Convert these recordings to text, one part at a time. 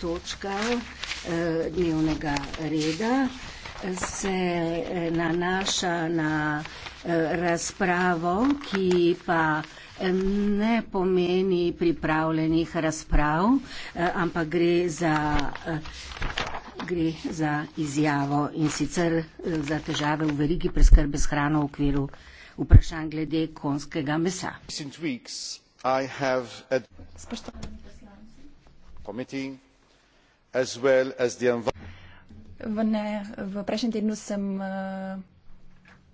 točka eh, dnevnega reda se eh, nanaša na eh, razpravo, ki pa eh, ne pomeni pripravljenih razprav, ampak gre za, gre za izjavo in sicer za težave v verigi preskrbe s hrano v okviru vprašanj glede konskega mesa. Spoštovani committee as well as the v, ne, v prejšnjem tednu sem uh,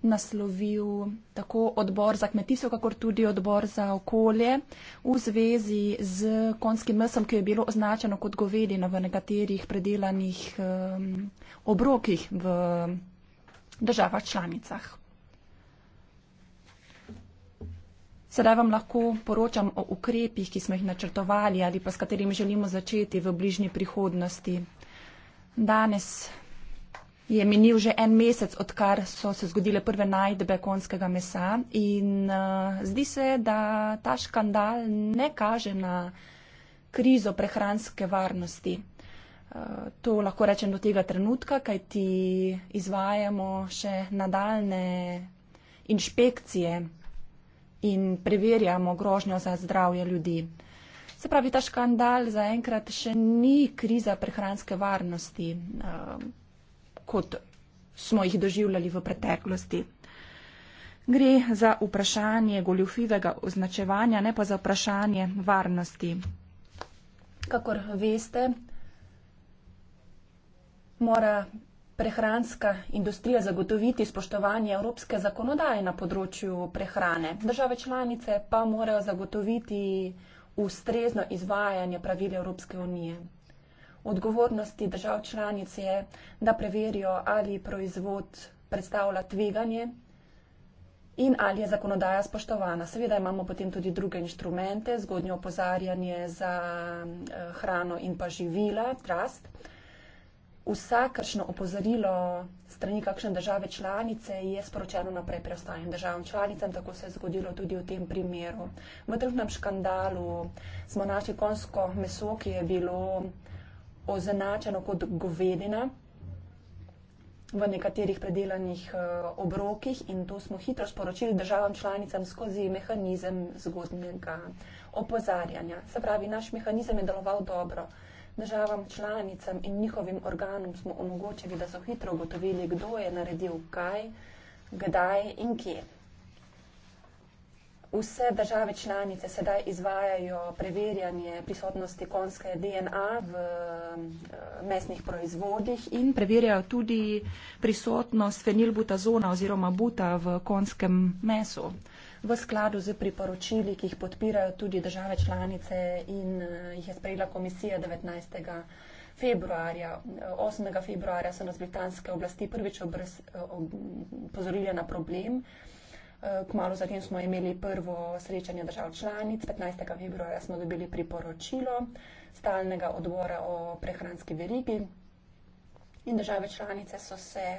naslovil tako odbor za kmetijstvo, kakor tudi odbor za okolje v zvezi z konjskim mesom, ki je bilo označeno kot govedina v nekaterih predelanih um, obrokih v državah članicah. Sedaj vam lahko poročam o ukrepih, ki smo jih načrtovali ali pa s katerimi želimo začeti v bližnji prihodnosti. Danes je minil že en mesec, odkar so se zgodile prve najdbe konskega mesa in uh, zdi se, da ta škandal ne kaže na krizo prehranske varnosti. Eh, to lahko rečem do tega trenutka, kajti izvajamo še nadaljne inšpekcije in preverjamo grožnjo za zdravje ljudi. Se pravi, ta škandal zaenkrat še ni kriza prehranske varnosti, um, kot smo jih doživljali v preteklosti. Gre za vprašanje goljufivega označevanja, ne pa za vprašanje varnosti. Kakor veste, mora prehranska industrija zagotoviti spoštovanje evropske zakonodaje na področju prehrane. Države članice pa morajo zagotoviti ustrezno izvajanje pravil Evropske unije. Odgovornosti držav članic je, da preverijo, ali proizvod predstavlja tveganje in ali je zakonodaja spoštovana. Seveda imamo potem tudi druge inštrumente, zgodnje opozarjanje za eh, hrano in pa živila, trust vsakršno opozorilo strani kakšne države članice je sporočeno naprej preostalim državam članicam, tako se je zgodilo tudi v tem primeru. V drugem škandalu smo našli konsko meso, ki je bilo označeno kot govedina v nekaterih predelanih eh, obrokih in to smo hitro sporočili državam članicam skozi mehanizem zgodnjega opozarjanja. Se pravi, naš mehanizem je deloval dobro državam članicam in njihovim organom smo omogočili, da so hitro ugotovili, kdo je naredil kaj, kdaj in kje. Vse države članice sedaj izvajajo preverjanje prisotnosti konjske DNA v eh, mesnih proizvodih in preverjajo tudi prisotnost fenilbutazona oziroma buta v konjskem mesu v skladu z priporočili, ki jih podpirajo tudi države članice in eh, jih je sprejela komisija 19. februarja. 8. februarja so nas britanske oblasti prvič opozorili na problem. Eh, Kmalo zatem smo imeli prvo srečanje držav članic, 15. februarja smo dobili priporočilo stalnega odbora o prehranski verigi in države članice so se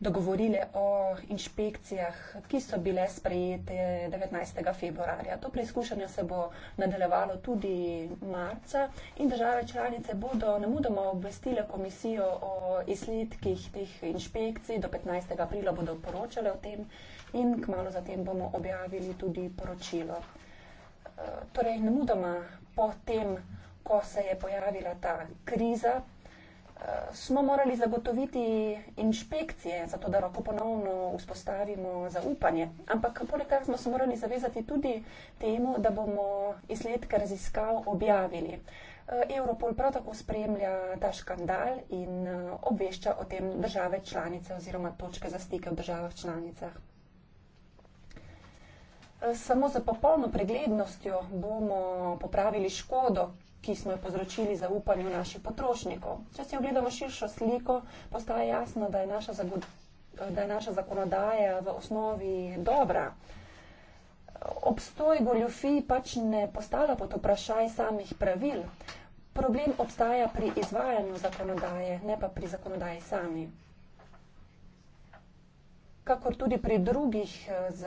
dogovorile o inšpekcijah, ki so bile sprejete 19. februarja. To preizkušanje se bo nadaljevalo tudi marca in države članice bodo nemudoma obvestile komisijo o izsledkih teh inšpekcij. Do 15. aprila bodo poročale o tem in kmalo zatem bomo objavili tudi poročilo. Eh, torej, nemudoma po tem, ko se je pojavila ta kriza, smo morali zagotoviti inšpekcije, zato da lahko ponovno vzpostavimo zaupanje. Ampak poleg tega smo se morali zavezati tudi temu, da bomo izsledke raziskav objavili. Eh, Europol prav tako spremlja ta škandal in eh, obvešča o tem države članice oziroma točke za stike v državah članicah. Eh, samo za popolno preglednostjo bomo popravili škodo, ki smo jo povzročili zaupanju naših potrošnikov. Če si ogledamo širšo sliko, postaje jasno, da je naša, da je naša zakonodaja v osnovi dobra. Obstoj goljofij pač ne postala pod vprašaj samih pravil. Problem obstaja pri izvajanju zakonodaje, ne pa pri zakonodaji sami kakor tudi pri drugih eh, z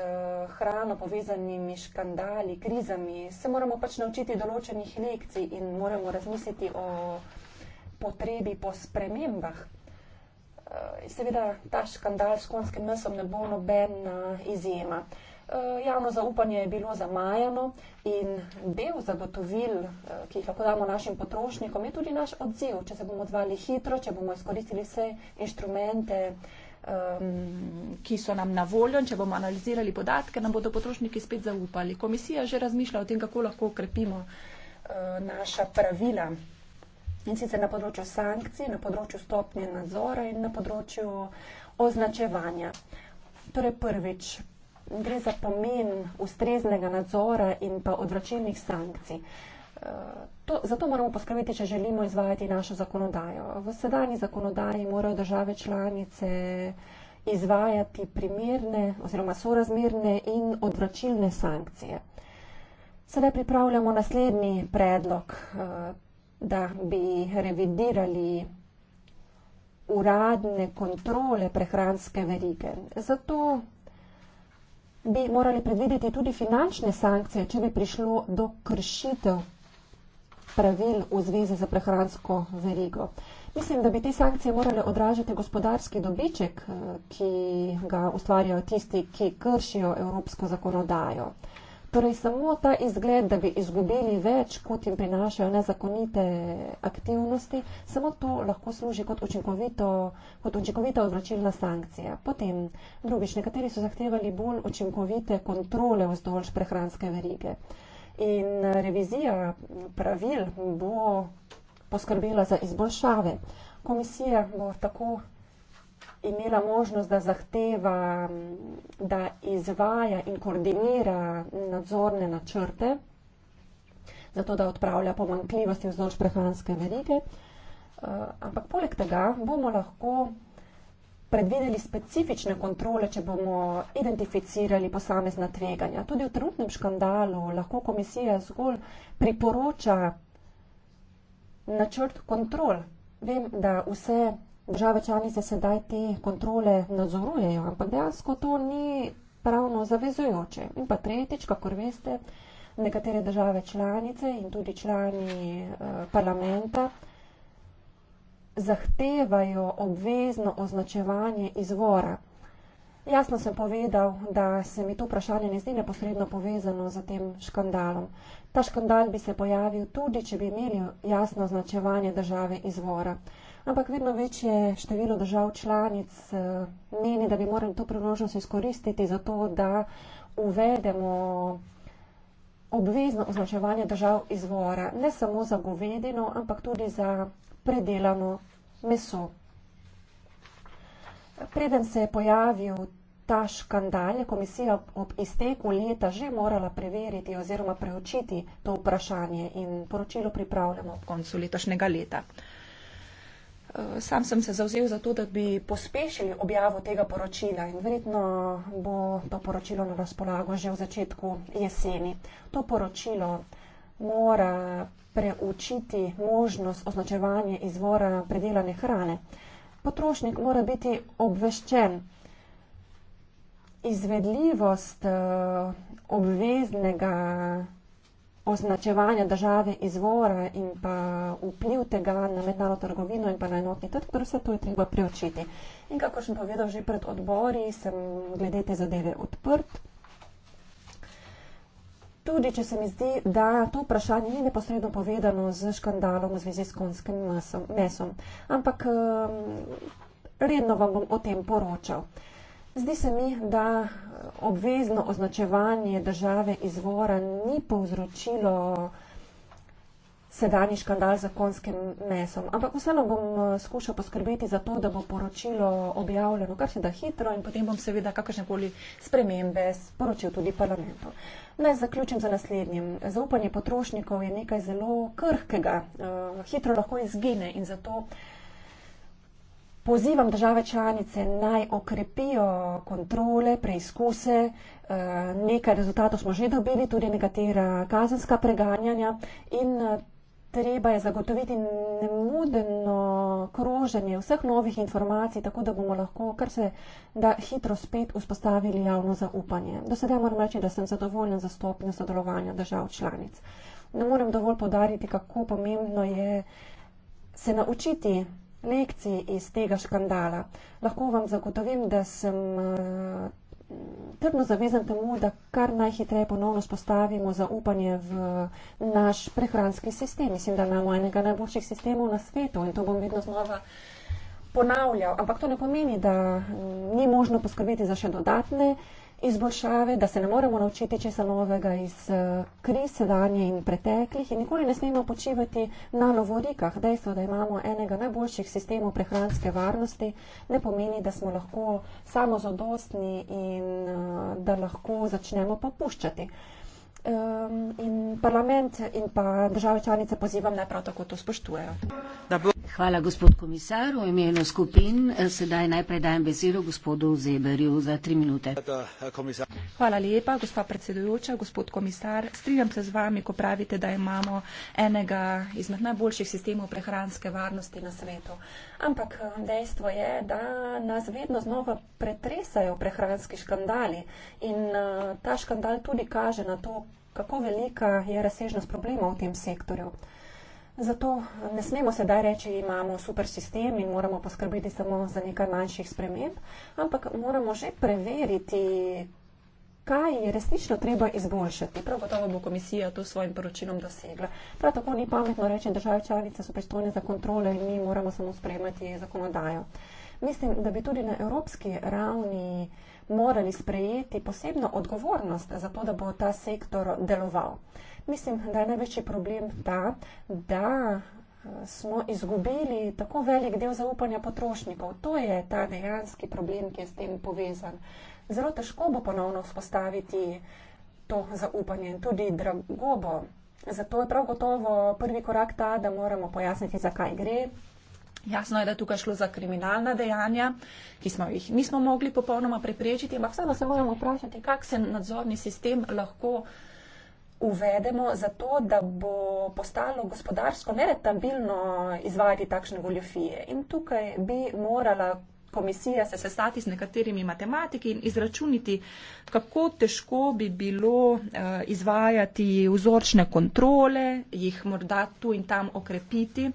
hrano povezanimi škandali, krizami, se moramo pač naučiti določenih lekcij in moramo razmisliti o potrebi po spremembah. Eh, seveda ta škandal s konskim mesom ne bo nobena izjema. Eh, javno zaupanje je bilo zamajano in del zagotovil, ki jih lahko damo našim potrošnikom, je tudi naš odziv, če se bomo odzvali hitro, če bomo izkoristili vse inštrumente, um, ki so nam na voljo in če bomo analizirali podatke, nam bodo potrošniki spet zaupali. Komisija že razmišlja o tem, kako lahko ukrepimo uh, naša pravila in sicer na področju sankcij, na področju stopnje nadzora in na področju označevanja. Torej prvič, gre za pomen ustreznega nadzora in pa odvračilnih sankcij. Uh, To, zato moramo poskrbeti, če želimo izvajati našo zakonodajo. V sedajni zakonodaji morajo države članice izvajati primirne oziroma sorazmirne in odvračilne sankcije. Sedaj pripravljamo naslednji predlog, eh, da bi revidirali uradne kontrole prehranske verige. Zato bi morali predvideti tudi finančne sankcije, če bi prišlo do kršitev pravil v zvezi z prehransko verigo. Mislim, da bi te sankcije morale odražati gospodarski dobiček, eh, ki ga ustvarjajo tisti, ki kršijo evropsko zakonodajo. Torej samo ta izgled, da bi izgubili več, kot jim prinašajo nezakonite aktivnosti, samo to lahko služi kot, učinkovito, kot učinkovita odločilna sankcija. Potem, drugič, nekateri so zahtevali bolj učinkovite kontrole vzdolž prehranske verige in revizija pravil bo poskrbela za izboljšave. Komisija bo tako imela možnost, da zahteva, da izvaja in koordinira nadzorne načrte, zato da odpravlja pomankljivosti vzdolž prehranske verige. Eh, ampak poleg tega bomo lahko predvideli specifične kontrole, če bomo identificirali posamezna tveganja. Tudi v trenutnem škandalu lahko komisija zgolj priporoča načrt kontrol. Vem, da vse države članice sedaj te kontrole nadzorujejo, ampak dejansko to ni pravno zavezujoče. In pa tretjič, kako veste, nekatere države članice in tudi člani eh, parlamenta zahtevajo obvezno označevanje izvora. Jasno sem povedal, da se mi to vprašanje ne zdi neposredno povezano z tem škandalom. Ta škandal bi se pojavil tudi, če bi imeli jasno označevanje države izvora. Ampak vedno večje število držav članic eh, meni, da bi morali to priložnost izkoristiti za to, da uvedemo obvezno označevanje držav izvora. Ne samo za govedino, ampak tudi za predelano meso. Preden se je pojavil ta škandal, je komisija ob izteku leta že morala preveriti oziroma preučiti to vprašanje in poročilo pripravljamo ob koncu letošnjega leta. Eh, sam sem se zauzel za to, da bi pospešili objavo tega poročila in verjetno bo to poročilo na razpolago že v začetku jeseni. To poročilo mora preučiti možnost označevanja izvora predelane hrane. Potrošnik mora biti obveščen. Izvedljivost eh, obveznega označevanja države izvora in pa vpliv tega na mednarodno trgovino in pa na enotni trg, torej vse to je treba preučiti. In kako sem povedal že pred odbori, sem glede te zadeve odprt tudi če se mi zdi, da to vprašanje ni neposredno povedano z škandalom v zvezi s konskim masom, mesom, ampak um, redno vam bom o tem poročal. Zdi se mi, da obvezno označevanje države izvora ni povzročilo sedanji škandal z konskim mesom. Ampak vseeno bom eh, skušal poskrbeti za to, da bo poročilo objavljeno kar se da hitro in potem bom seveda kakršnekoli spremembe sporočil tudi parlamentu. Naj zaključim za naslednjim. Zaupanje potrošnikov je nekaj zelo krhkega, eh, hitro lahko izgine in zato pozivam države članice naj okrepijo kontrole, preizkuse, eh, nekaj rezultatov smo že dobili, tudi nekatera kazenska preganjanja in Treba je zagotoviti nemudeno kroženje vseh novih informacij, tako da bomo lahko kar se da hitro spet vzpostavili javno zaupanje. Do sedaj moram reči, da sem zadovoljna za stopnjo sodelovanja držav članic. Ne morem dovolj podariti, kako pomembno je se naučiti lekcij iz tega škandala. Lahko vam zagotovim, da sem trdno zavezan temu, da kar najhitreje ponovno spostavimo zaupanje v naš prehranski sistem. Mislim, da imamo enega najboljših sistemov na svetu in to bom vedno znova ponavljal. Ampak to ne pomeni, da ni možno poskrbeti za še dodatne izboljšave, da se ne moremo naučiti česa novega iz uh, kriz sedanje in preteklih in nikoli ne smemo počivati na novorikah. Dejstvo, da imamo enega najboljših sistemov prehranske varnosti, ne pomeni, da smo lahko samozadostni in uh, da lahko začnemo popuščati. Um, ehm, in parlament in pa države članice pozivam, da prav tako to spoštujejo. Da bo... Hvala, gospod komisar. V imenu skupin eh, sedaj najprej dajem besedo gospodu Zeberju za tri minute. Hvala lepa, gospa predsedujoča, gospod komisar. Strinjam se z vami, ko pravite, da imamo enega izmed najboljših sistemov prehranske varnosti na svetu. Ampak eh, dejstvo je, da nas vedno znova pretresajo prehranski škandali in eh, ta škandal tudi kaže na to, kako velika je razsežnost problema v tem sektorju. Zato ne smemo sedaj reči, da imamo super sistem in moramo poskrbeti samo za nekaj manjših sprememb, ampak moramo že preveriti, kaj je resnično treba izboljšati. Prav gotovo bo komisija to s svojim poročilom dosegla. Prav tako ni pametno reči, da države članice so pristojne za kontrole in mi moramo samo sprejemati zakonodajo. Mislim, da bi tudi na evropski ravni morali sprejeti posebno odgovornost za to, da bo ta sektor deloval. Mislim, da je največji problem ta, da eh, smo izgubili tako velik del zaupanja potrošnikov. To je ta dejanski problem, ki je s tem povezan. Zelo težko bo ponovno vzpostaviti to zaupanje in tudi drago bo. Zato je prav gotovo prvi korak ta, da moramo pojasniti, zakaj gre. Jasno je, da je tukaj šlo za kriminalna dejanja, ki smo jih nismo mogli popolnoma preprečiti, ampak vseeno se moramo vprašati, kak se nadzorni sistem lahko uh, uvedemo zato, da bo postalo gospodarsko neretabilno izvajati takšne goljofije. In tukaj bi morala komisije se sestati z nekaterimi matematiki in izračuniti, kako težko bi bilo uh, izvajati vzorčne kontrole, jih morda tu in tam okrepiti,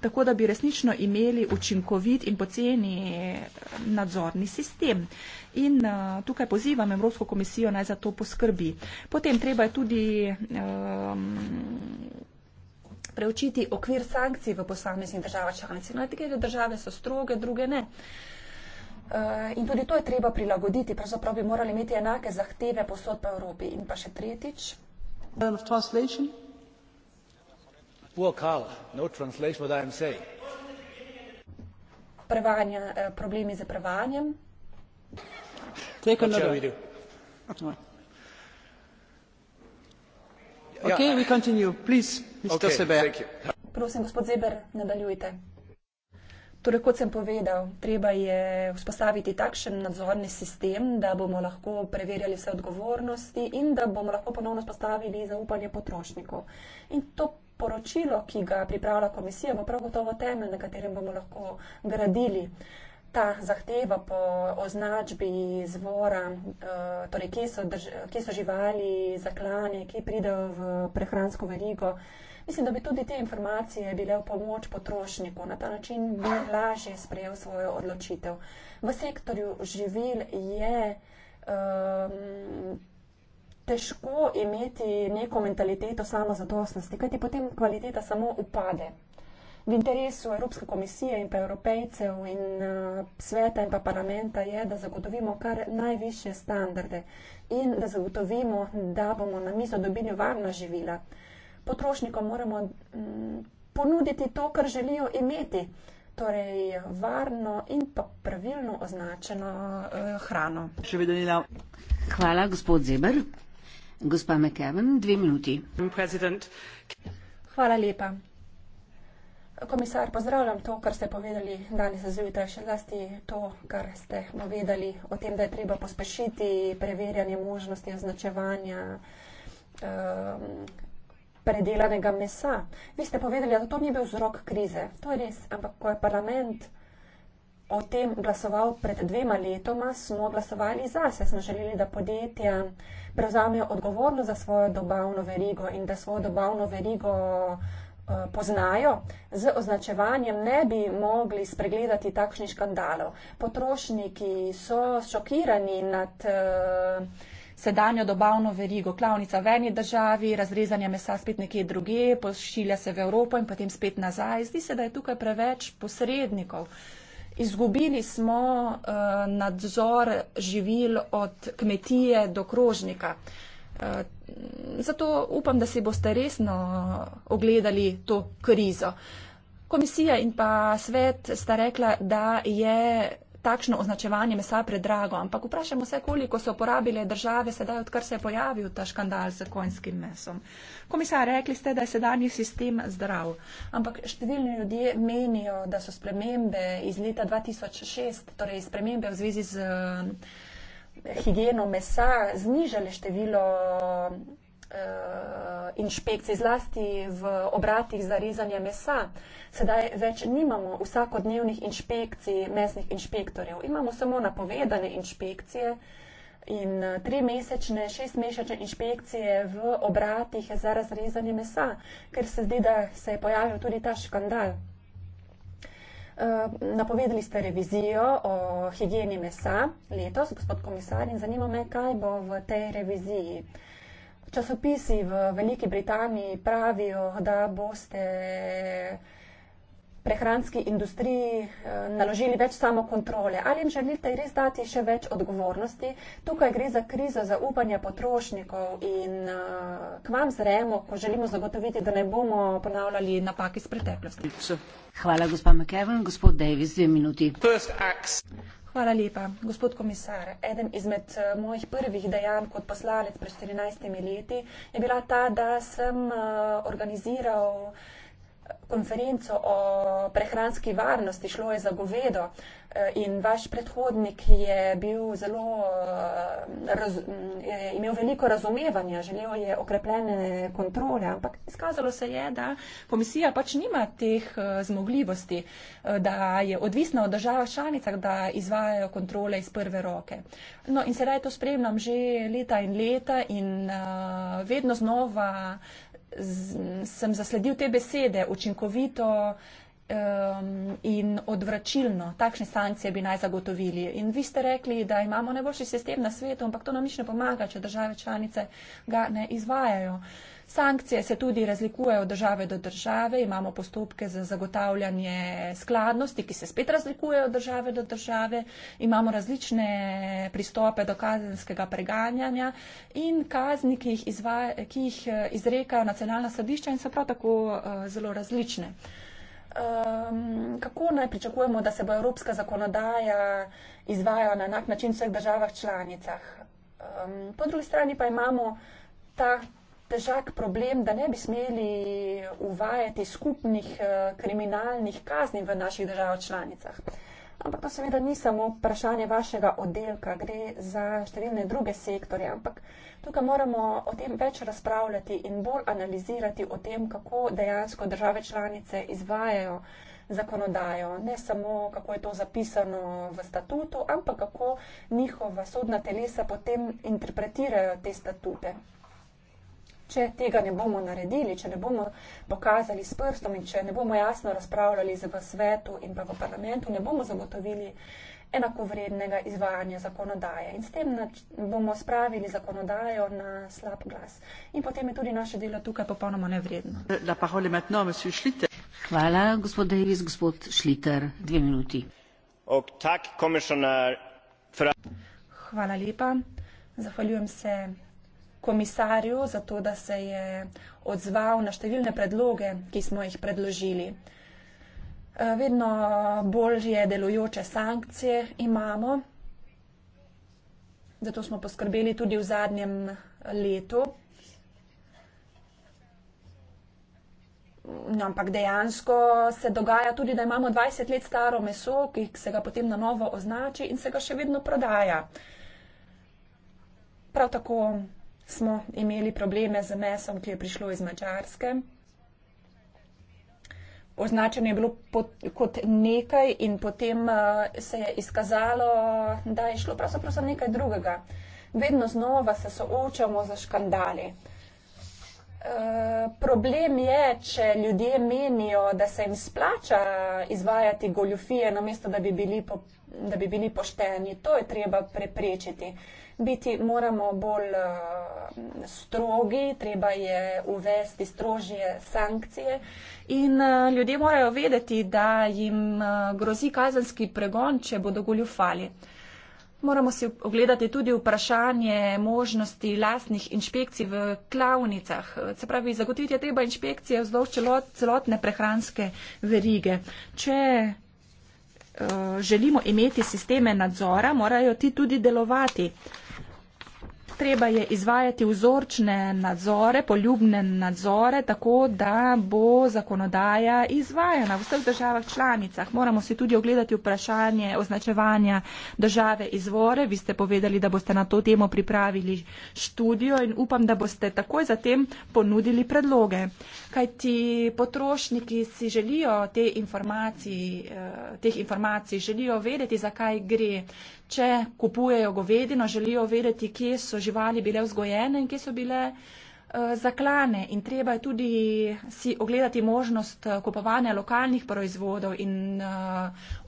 tako da bi resnično imeli učinkovit in poceni eh, nadzorni sistem. In uh, tukaj pozivam Evropsko komisijo naj za to poskrbi. Potem treba je tudi. Um, preučiti okvir sankcij v posameznih državah članic. No, nekatere države so stroge, druge ne. Uh, Eh, in tudi to je treba prilagoditi, pravzaprav bi morali imeti enake zahteve posod po Evropi. In pa še tretjič. No Prevajanje, eh, problemi z prevajanjem. Okay, yeah. we continue. Please, Mr. Okay, Seber. Prosim, gospod Zeber, nadaljujte. Torej, kot sem povedal, treba je vzpostaviti takšen nadzorni sistem, da bomo lahko preverjali vse odgovornosti in da bomo lahko ponovno vzpostavili zaupanje potrošnikov. In to poročilo, ki ga pripravlja komisija, bo prav gotovo temelj, na katerem bomo lahko gradili ta zahteva po označbi izvora, eh, torej kje so, drž, kje so živali, zaklane, ki pridejo v prehransko verigo. Mislim, da bi tudi te informacije bile v pomoč potrošniku, na ta način bi lažje sprejel svojo odločitev. V sektorju živil je um, težko imeti neko mentaliteto samo zadostnosti, kajti potem kvaliteta samo upade. V interesu Evropske komisije in pa evropejcev in uh, sveta in pa parlamenta je, da zagotovimo kar najviše standarde in da zagotovimo, da bomo na mizo dobili varna živila. Uh, potrošnikom moramo mm, ponuditi to, kar želijo imeti, torej varno in pa pravilno označeno eh, hrano. Še vedno ni dal. Hvala, gospod Zeber. Gospa McKevin, dve minuti. President. Hvala lepa. Komisar, pozdravljam to, kar ste povedali danes zjutraj, še zlasti to, kar ste povedali o tem, da je treba pospešiti preverjanje možnosti označevanja um, predelanega mesa. Vi ste povedali, da to ni bil vzrok krize. To je res, ampak ko je parlament o tem glasoval pred dvema letoma, smo glasovali za se, smo želeli, da podjetja prevzamejo odgovornost za svojo dobavno verigo in da svojo dobavno verigo uh, poznajo. Z označevanjem ne bi mogli spregledati takšnih škandalov. Potrošniki so šokirani nad. Uh, sedanjo dobavno verigo. Klavnica v eni državi, razrezanje mesa spet nekje druge, pošilja se v Evropo in potem spet nazaj. Zdi se, da je tukaj preveč posrednikov. Izgubili smo uh, nadzor živil od kmetije do krožnika. Eh, zato upam, da si boste resno ogledali to krizo. Komisija in pa svet sta rekla, da je takšno označevanje mesa predrago, ampak vprašajmo se, koliko so porabile države sedaj, odkar se je pojavil ta škandal z konjskim mesom. Komisar, rekli ste, da je sedanji sistem zdrav, ampak številni ljudje menijo, da so spremembe iz leta 2006, torej spremembe v zvezi z eh, higieno mesa, znižale število Eh, inšpekcij, zlasti v obratih za rezanje mesa. Sedaj več nimamo vsakodnevnih inšpekcij mesnih inšpektorjev, imamo samo napovedane inšpekcije in eh, tri mesečne, šest mesečne inšpekcije v obratih za razrezanje mesa, ker se zdi, da se je pojavil tudi ta škandal. Eh, napovedali ste revizijo o higieni mesa letos, gospod komisar, in zanima me, kaj bo v tej reviziji časopisi v Veliki Britaniji pravijo, da boste prehranski industriji eh, naložili več samokontrole. Ali jim želite res dati še več odgovornosti? Tukaj gre za krizo zaupanja potrošnikov in eh, k vam zremo, ko želimo zagotoviti, da ne bomo ponavljali napak iz preteklosti. Hvala, gospod McKevin. Gospod Davis, dve minuti. Hvala lepa, gospod komisar. Eden izmed eh, mojih prvih dejanj kot poslanec pred 14 leti je bila ta, da sem eh, organiziral konferenco o prehranski varnosti, šlo je za govedo eh, in vaš predhodnik je bil zelo, eh, raz, je imel veliko razumevanja, želel je okrepljene kontrole, ampak izkazalo se je, da komisija pač nima teh eh, zmogljivosti, da je odvisna od država članicah, da izvajajo kontrole iz prve roke. No in sedaj to spremljam že leta in leta in vedno znova sem zasledil te besede učinkovito um, in odvračilno. Takšne sankcije bi naj zagotovili. In vi ste rekli, da imamo najboljši sistem na svetu, ampak to nam nič ne pomaga, če države članice ga ne izvajajo. Uh, Sankcije se tudi razlikujejo od države do države, imamo postopke za zagotavljanje skladnosti, ki se spet razlikujejo od države do države, imamo različne pristope do kazenskega preganjanja in kazni, ki jih, izvaja, ki jih eh, izrekajo nacionalna sodišča in so prav tako eh, zelo različne. Um, kako naj pričakujemo, da se bo evropska zakonodaja izvajala na enak način v vseh državah članicah? Um, po drugi strani pa imamo ta težak problem, da ne bi smeli uvajati skupnih eh, kriminalnih kazni v naših državah članicah. Ampak to seveda ni samo vprašanje vašega oddelka, gre za številne druge sektorje, ampak tukaj moramo o tem več razpravljati in bolj analizirati o tem, kako dejansko države članice izvajajo zakonodajo. Ne samo, kako je to zapisano v statutu, ampak kako njihova sodna telesa potem interpretirajo te statute če tega ne bomo naredili, če ne bomo pokazali s prstom in če ne bomo jasno razpravljali v svetu in pa v parlamentu, ne bomo zagotovili enakovrednega izvajanja zakonodaje in s tem bomo spravili zakonodajo na slab glas. In potem je tudi naše delo tukaj popolnoma nevredno. Hvala, gospod Davis, gospod Šliter, dve minuti. Hvala lepa. Zahvaljujem se komisarju za to, da se je odzval na številne predloge, ki smo jih predložili. Eh, vedno bolje delujoče sankcije imamo, zato smo poskrbeli tudi v zadnjem letu. No, ampak dejansko se dogaja tudi, da imamo 20 let staro meso, ki se ga potem na novo označi in se ga še vedno prodaja. Prav tako smo imeli probleme z mesom, ki je prišlo iz Mačarske. Označeno je bilo pot, kot nekaj in potem uh, se je izkazalo, da je šlo pravzaprav za nekaj drugega. Vedno znova se soočamo za škandali. Uh, problem je, če ljudje menijo, da se jim splača izvajati goljufije, namesto da bi bili, po, da bi bili pošteni. To je treba preprečiti. Uh, biti moramo bolj uh, strogi, treba je uvesti strožje sankcije in uh, ljudje morajo vedeti, da jim uh, grozi kazenski pregon, če bodo goljufali. Moramo si ogledati tudi vprašanje možnosti lastnih inšpekcij v klavnicah. Se pravi, zagotoviti je treba inšpekcije vzdolž celot, celotne prehranske verige. Če uh, želimo imeti sisteme nadzora, morajo ti tudi delovati treba je izvajati vzorčne nadzore, poljubne nadzore, tako da bo zakonodaja izvajana v vseh državah članicah. Moramo si tudi ogledati vprašanje označevanja države izvore. Vi ste povedali, da boste na to temo pripravili študijo in upam, da boste takoj zatem ponudili predloge. Kaj ti potrošniki si želijo te informacije, eh, teh informacij, želijo vedeti, zakaj gre če kupujejo govedino, želijo vedeti, kje so živali bile vzgojene in kje so bile eh, zaklane. In treba je tudi si ogledati možnost eh, kupovanja lokalnih proizvodov in eh,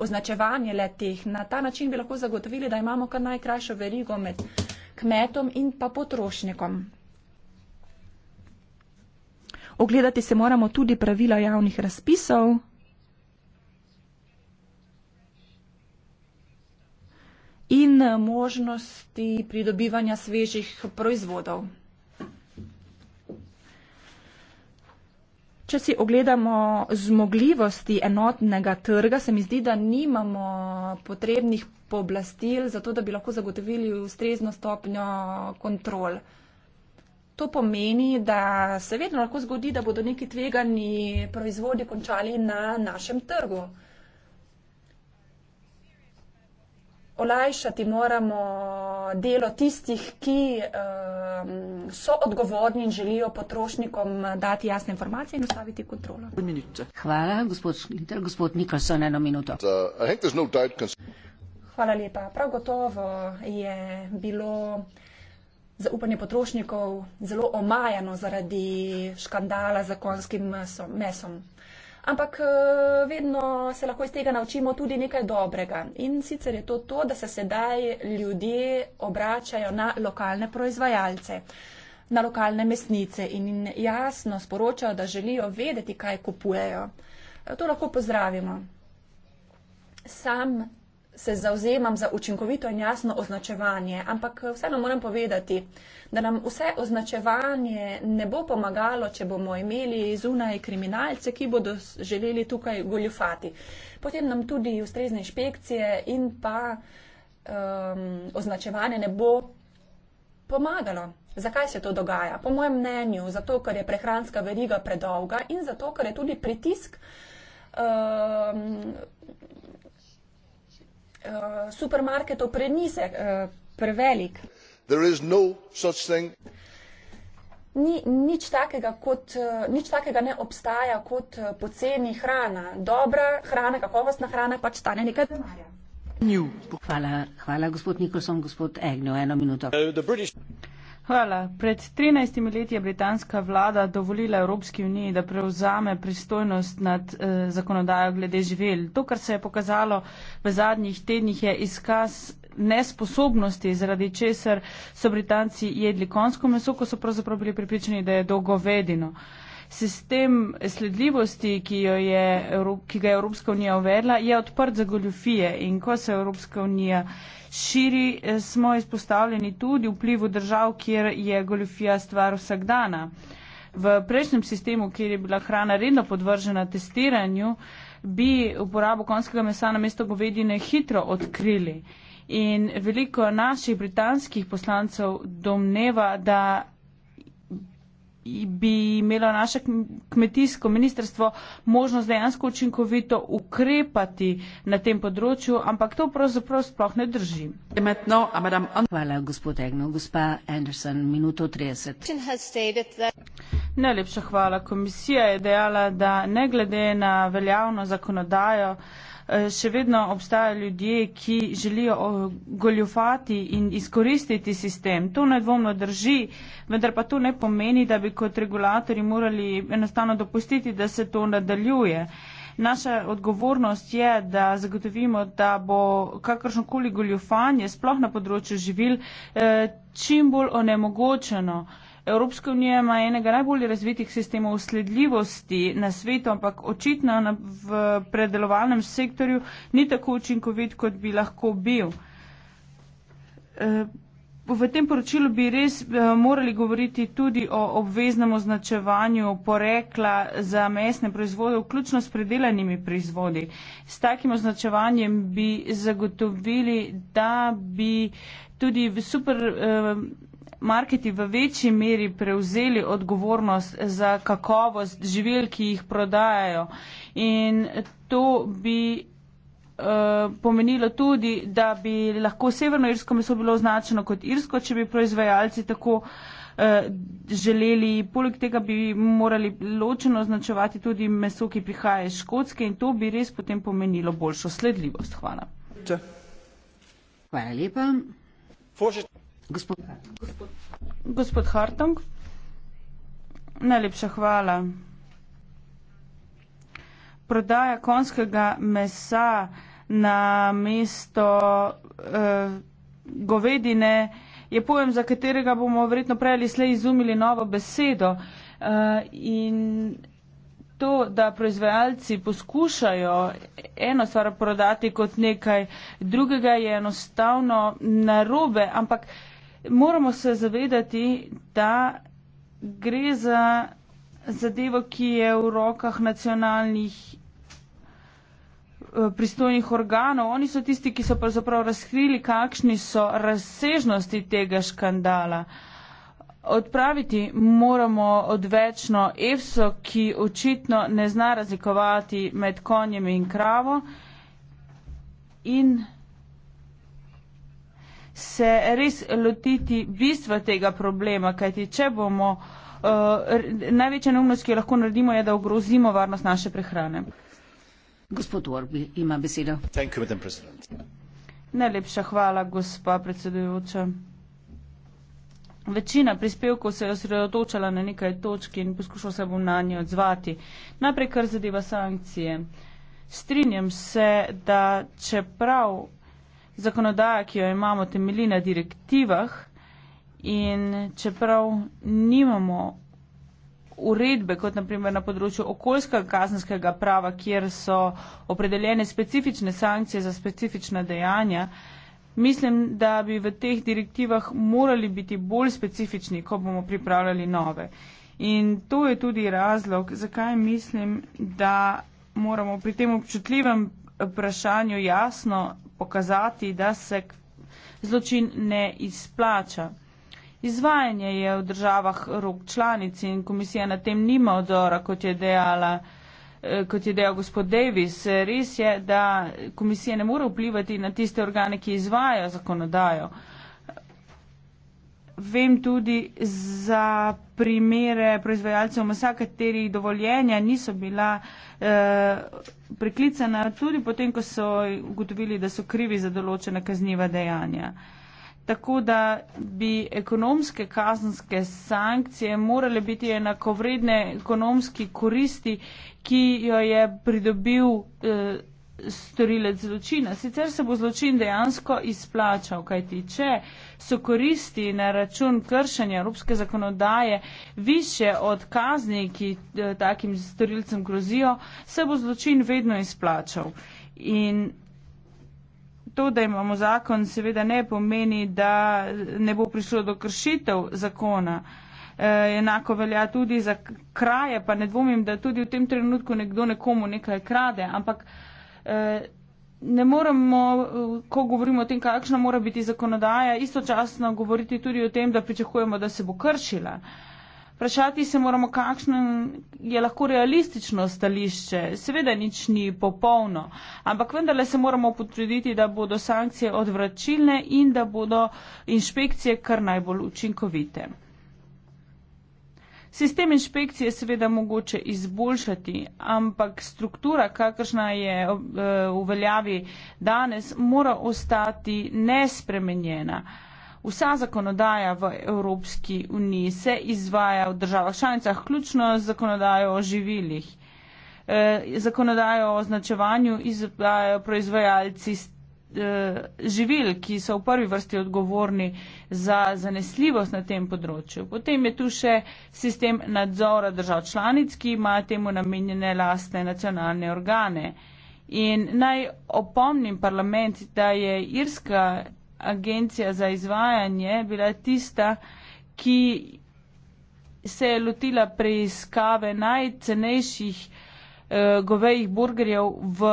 označevanje letih. Na ta način bi lahko zagotovili, da imamo kar najkrajšo verigo med kmetom in pa potrošnikom. Ogledati se moramo tudi pravila javnih razpisov. in eh, možnosti pridobivanja svežih proizvodov. Če si ogledamo zmogljivosti enotnega trga, se mi zdi, da nimamo potrebnih pooblastil za to, da bi lahko zagotovili ustrezno stopnjo kontrol. To pomeni, da se vedno lahko zgodi, da bodo neki tvegani proizvodi končali na našem trgu. olajšati moramo delo tistih, ki ehm, so odgovorni in želijo potrošnikom dati jasne informacije in ustaviti kontrolo. Hvala, gospod Šlinter. Gospod Nikolson, eno minuto. No Hvala lepa. Prav gotovo je bilo zaupanje potrošnikov zelo omajano zaradi škandala z zakonskim mesom ampak eh, vedno se lahko iz tega naučimo tudi nekaj dobrega. In sicer je to to, da se sedaj ljudje obračajo na lokalne proizvajalce, na lokalne mesnice in jasno sporočajo, da želijo vedeti, kaj kupujejo. To lahko pozdravimo. Sam se zauzemam za učinkovito in jasno označevanje, ampak eh, vseeno moram povedati, da nam vse označevanje ne bo pomagalo, če bomo imeli zunaj kriminalce, ki bodo želeli tukaj goljufati. Potem nam tudi ustrezne inšpekcije in pa um, označevanje ne bo pomagalo. Zakaj se to dogaja? Po mojem mnenju, zato ker je prehranska veriga predolga in zato ker je tudi pritisk. Um, Eh, supermarketov prednise uh, eh, prevelik. No ni nič takega, kot, uh, nič takega ne obstaja kot uh, poceni hrana. Dobra hrana, kakovostna hrana pač stane nekaj denarja. Hvala, hvala gospod Nikolson, gospod Egno, eno minuto. Uh, Hvala. Pred trinajstimi leti je britanska vlada dovolila Evropski uniji, da prevzame pristojnost nad eh, zakonodajo glede živel. To, kar se je pokazalo v zadnjih tednih, je izkaz nesposobnosti, zaradi česar so Britanci jedli konsko meso, ko so pravzaprav bili pripričani, da je dolgovedino. Eh, sistem sledljivosti, ki, jo je, ki ga je Evropska unija uvedla, je odprt za goljofije in ko se Evropska unija širi, eh, smo izpostavljeni tudi vplivu držav, kjer je goljofija stvar vsakdana. V prejšnjem sistemu, kjer je bila hrana redno podvržena testiranju, bi uporabo konjskega mesa na mesto govedine hitro odkrili. In veliko naših britanskih poslancev domneva, da bi imelo naše kmetijsko ministrstvo možnost dejansko učinkovito ukrepati na tem področju, ampak to pravzaprav sploh ne drži. Hvala, gospod Egno. Gospa Anderson, minuto 30. Najlepša hvala. Komisija je dejala, da ne glede na veljavno zakonodajo, Eh, še vedno obstajajo ljudje, ki želijo eh, goljufati in izkoristiti sistem. To nedvomno drži, vendar pa to ne pomeni, da bi kot regulatori morali enostavno dopustiti, da se to nadaljuje. Naša odgovornost je, da zagotovimo, da bo kakršnokoli goljufanje, sploh na področju živil, eh, čim bolj onemogočeno. Evropska unija ima enega najbolj razvitih sistemov sledljivosti na svetu, ampak očitno na, v predelovalnem sektorju ni tako učinkovit, kot bi lahko bil. Eh, v tem poročilu bi res eh, morali govoriti tudi o obveznem označevanju porekla za mesne proizvode, vključno s predelanimi proizvodi. S takim označevanjem bi zagotovili, da bi tudi super. Eh, marketi v večji meri prevzeli odgovornost za kakovost živil, ki jih prodajajo. In to bi uh, pomenilo tudi, da bi lahko severnoirsko meso bilo označeno kot irsko, če bi proizvajalci tako eh, želeli, poleg tega bi morali ločeno označevati tudi meso, ki prihaja iz Škotske in to bi res potem pomenilo boljšo sledljivost. Hvala. Hvala lepa. Gospod, gospod Hartung, najlepša hvala. Prodaja konskega mesa na mesto eh, govedine je pojem, za katerega bomo verjetno prej ali slej izumili novo besedo. Eh, in to, da proizvajalci poskušajo eno stvar prodati kot nekaj drugega, je enostavno narobe, ampak moramo se zavedati, da gre za zadevo, ki je v rokah nacionalnih eh, pristojnih organov. Oni so tisti, ki so pravzaprav razkrili, kakšni so razsežnosti tega škandala. Odpraviti moramo odvečno EFSO, ki očitno ne zna razlikovati med konjem in kravo. In se res lotiti bistva tega problema, kajti če bomo, uh, eh, največja neumnost, ki jo lahko naredimo, je, da ogrozimo varnost naše prehrane. Gospod Orbi ima besedo. Thank you, madam president. Najlepša hvala, gospa predsedujoča. Večina prispevkov se je osredotočala na nekaj točk in poskušal se bom na nje odzvati. Najprej, kar zadeva sankcije. Strinjam se, da čeprav zakonodaja, ki jo imamo, temeli na direktivah in čeprav nimamo uredbe, kot naprimer na področju okoljskega kazenskega prava, kjer so opredeljene specifične sankcije za specifična dejanja, mislim, da bi v teh direktivah morali biti bolj specifični, ko bomo pripravljali nove. In to je tudi razlog, zakaj mislim, da moramo pri tem občutljivem vprašanju jasno pokazati, da se zločin ne izplača. Izvajanje je v državah rok članici in komisija na tem nima odzora, kot je dejala eh, kot je dejal gospod Davis. Res je, da komisija ne more vplivati na tiste organe, ki izvajo zakonodajo vem tudi za primere proizvajalcev mesa, katerih dovoljenja niso bila eh, priklicana, tudi potem, ko so ugotovili, da so krivi za določena kazniva dejanja. Tako da bi ekonomske kazenske sankcije morale biti enakovredne ekonomski koristi, ki jo je pridobil. Eh, storilec zločina. Sicer se bo zločin dejansko izplačal, kajti če so koristi na račun kršenja evropske zakonodaje više od kazni, ki eh, takim storilcem grozijo, se bo zločin vedno izplačal. In To, da imamo zakon, seveda ne pomeni, da ne bo prišlo do kršitev zakona. E, enako velja tudi za kraje, pa ne dvomim, da tudi v tem trenutku nekdo nekomu nekaj krade, ampak Eh, ne moremo, eh, ko govorimo o tem, kakšna mora biti zakonodaja, istočasno govoriti tudi o tem, da pričakujemo, da se bo kršila. Vprašati se moramo, kakšno je lahko realistično stališče. Seveda nič ni popolno, ampak vendarle se moramo potruditi, da bodo sankcije odvračilne in da bodo inšpekcije kar najbolj učinkovite. Sistem inšpekcije je seveda mogoče izboljšati, ampak struktura, kakršna je eh, v veljavi danes, mora ostati nespremenjena. Vsa zakonodaja v Evropski uniji se izvaja v državah članicah, ključno z zakonodajo o živilih. Eh, zakonodajo o označevanju izvajajo proizvajalci s Eh, živil, ki so v prvi vrsti odgovorni za zanesljivost na tem področju. Potem je tu še sistem nadzora držav članic, ki ima temu namenjene lastne nacionalne organe. In naj opomnim parlament, da je Irska agencija za izvajanje bila tista, ki se je lotila preiskave najcenejših uh, govejih burgerjev v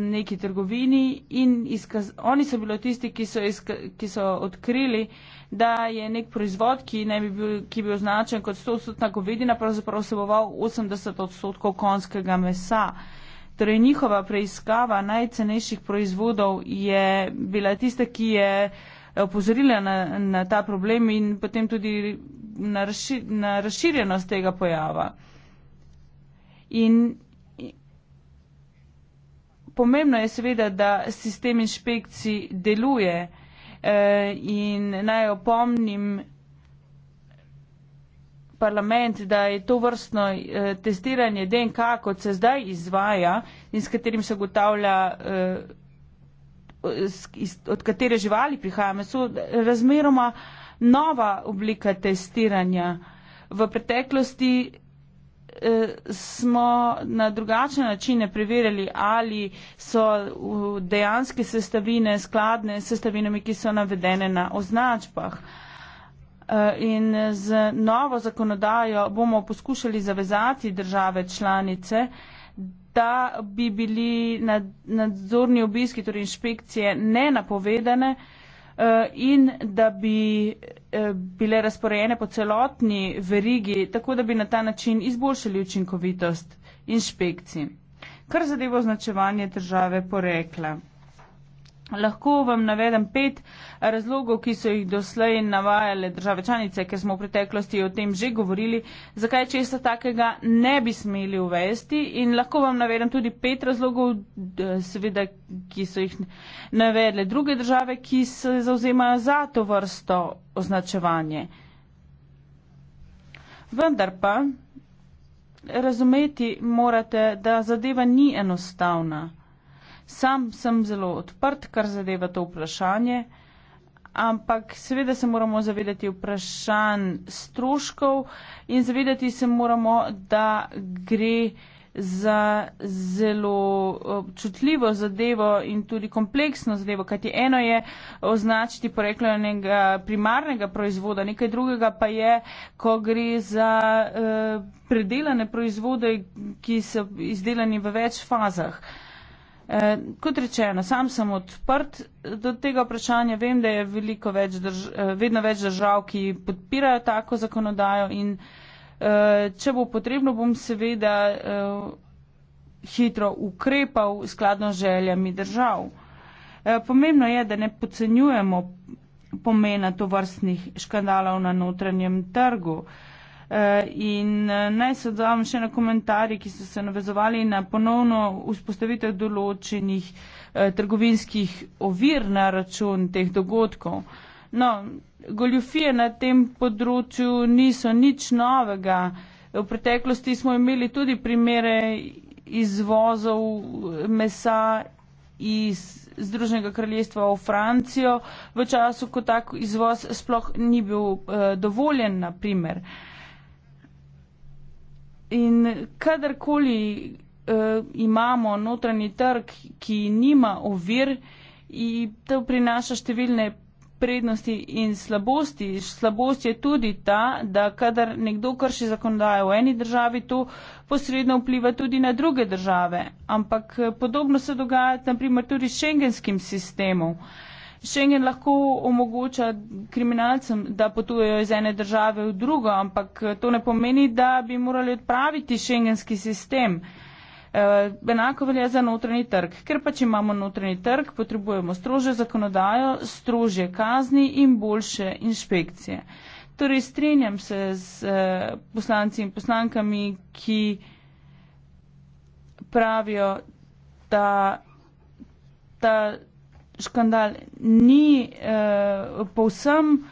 neki trgovini in izkaz, oni so bili tisti, ki so, izka, ki so odkrili, da je nek proizvod, ki, ne bi, bil, ki bi označen kot 100-odstotna govedina, pravzaprav vseboval 80 odstotkov konskega mesa. Torej njihova preiskava najcenejših proizvodov je bila tista, ki je eh, opozorila na, na ta problem in potem tudi na, razši, na razširjenost tega pojava. In pomembno je seveda, da sistem inšpekcij deluje eh, in naj opomnim parlament, da je to vrstno eh, testiranje DNK, kot se zdaj izvaja in s katerim se gotavlja, eh, od katere živali prihajame, so razmeroma nova oblika testiranja. V preteklosti Eh, smo na drugačne načine preverjali, ali so dejanske sestavine skladne s sestavinami, ki so navedene na označbah. Eh, in z novo zakonodajo bomo poskušali zavezati države članice, da bi bili nadzorni obiski, torej inšpekcije, nenapovedane, Eh, in da bi eh, bile razporejene po celotni verigi, tako da bi na ta način izboljšali učinkovitost inšpekcij. Kar zadeva označevanje države porekla. Lahko vam navedem pet razlogov, ki so jih doslej navajale države članice, ker smo v preteklosti o tem že govorili, zakaj česa takega ne bi smeli uvesti in lahko vam navedem tudi pet razlogov, seveda, ki so jih navedle druge države, ki se zauzemajo za to vrsto označevanje. Vendar pa razumeti morate, da zadeva ni enostavna. Sam sem zelo odprt, kar zadeva to vprašanje, ampak seveda se moramo zavedati vprašanj stroškov in zavedati se moramo, da gre za zelo eh, občutljivo zadevo in tudi kompleksno zadevo, kajti eno je označiti poreklo enega primarnega proizvoda, nekaj drugega pa je, ko gre za eh, predelane proizvode, ki so izdelani v več fazah. Eh, Eh, kot rečeno, sam sem odprt do tega vprašanja. Vem, da je veliko več, drž eh, vedno več držav, ki podpirajo tako zakonodajo in eh, če bo potrebno, bom seveda eh, hitro ukrepal skladno z željami držav. Eh, pomembno je, da ne podcenjujemo pomena to vrstnih škandalov na notranjem trgu. Eh, Eh, in eh, naj se dodam še na komentarje, ki so se navezovali na ponovno vzpostavitev določenih eh, trgovinskih ovir na račun teh dogodkov. No, goljufije na tem področju niso nič novega. V preteklosti smo imeli tudi primere izvozov mesa iz Združenega kraljestva v Francijo, v času, ko tak izvoz sploh ni bil eh, dovoljen, naprimer. Eh, In kadarkoli uh, imamo notranji trg, ki nima ovir, to prinaša številne prednosti in slabosti. Slabost je tudi ta, da kadar nekdo krši zakonodajo v eni državi, to posredno vpliva tudi na druge države. Ampak eh, podobno se dogaja naprimer tudi s šengenskim sistemom. Uh, Schengen lahko omogoča kriminalcem, da potujejo iz ene države v drugo, ampak eh, to ne pomeni, da bi morali odpraviti šengenski sistem. Eh, enako velja za notranji trg. Ker pač imamo notranji trg, potrebujemo strože zakonodajo, strože kazni in boljše inšpekcije. Torej, strinjam se z eh, poslanci in poslankami, ki pravijo, da ta škandal ni eh, povsem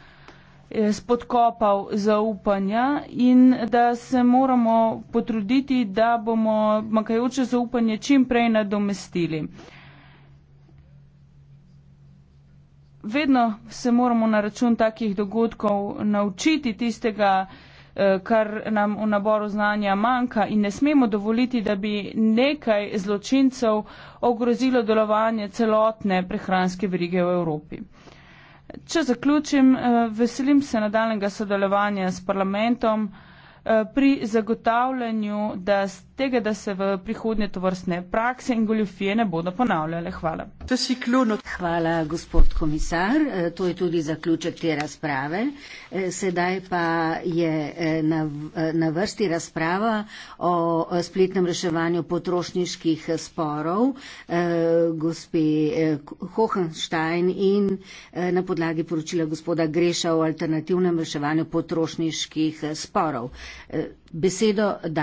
eh, spodkopal zaupanja in da se moramo potruditi, da bomo makajoče zaupanje čim prej nadomestili. Vedno se moramo na račun takih dogodkov naučiti tistega, Eh, kar nam v naboru znanja manjka in ne smemo dovoliti, da bi nekaj zločincev ogrozilo delovanje celotne prehranske verige v Evropi. Če zaključim, eh, veselim se nadaljnega sodelovanja s parlamentom. Eh, pri zagotavljanju, da z tega, da se v prihodnje tovrstne prakse in goljofije ne bodo ponavljale. Hvala. Hvala, gospod komisar. Eh, to je tudi zaključek te razprave. Eh, sedaj pa je na, na vrsti razprava o spletnem reševanju potrošniških sporov gospe Hohenstein in na podlagi poročila gospoda Greša o alternativnem reševanju potrošniških sporov. Eh, besedo da.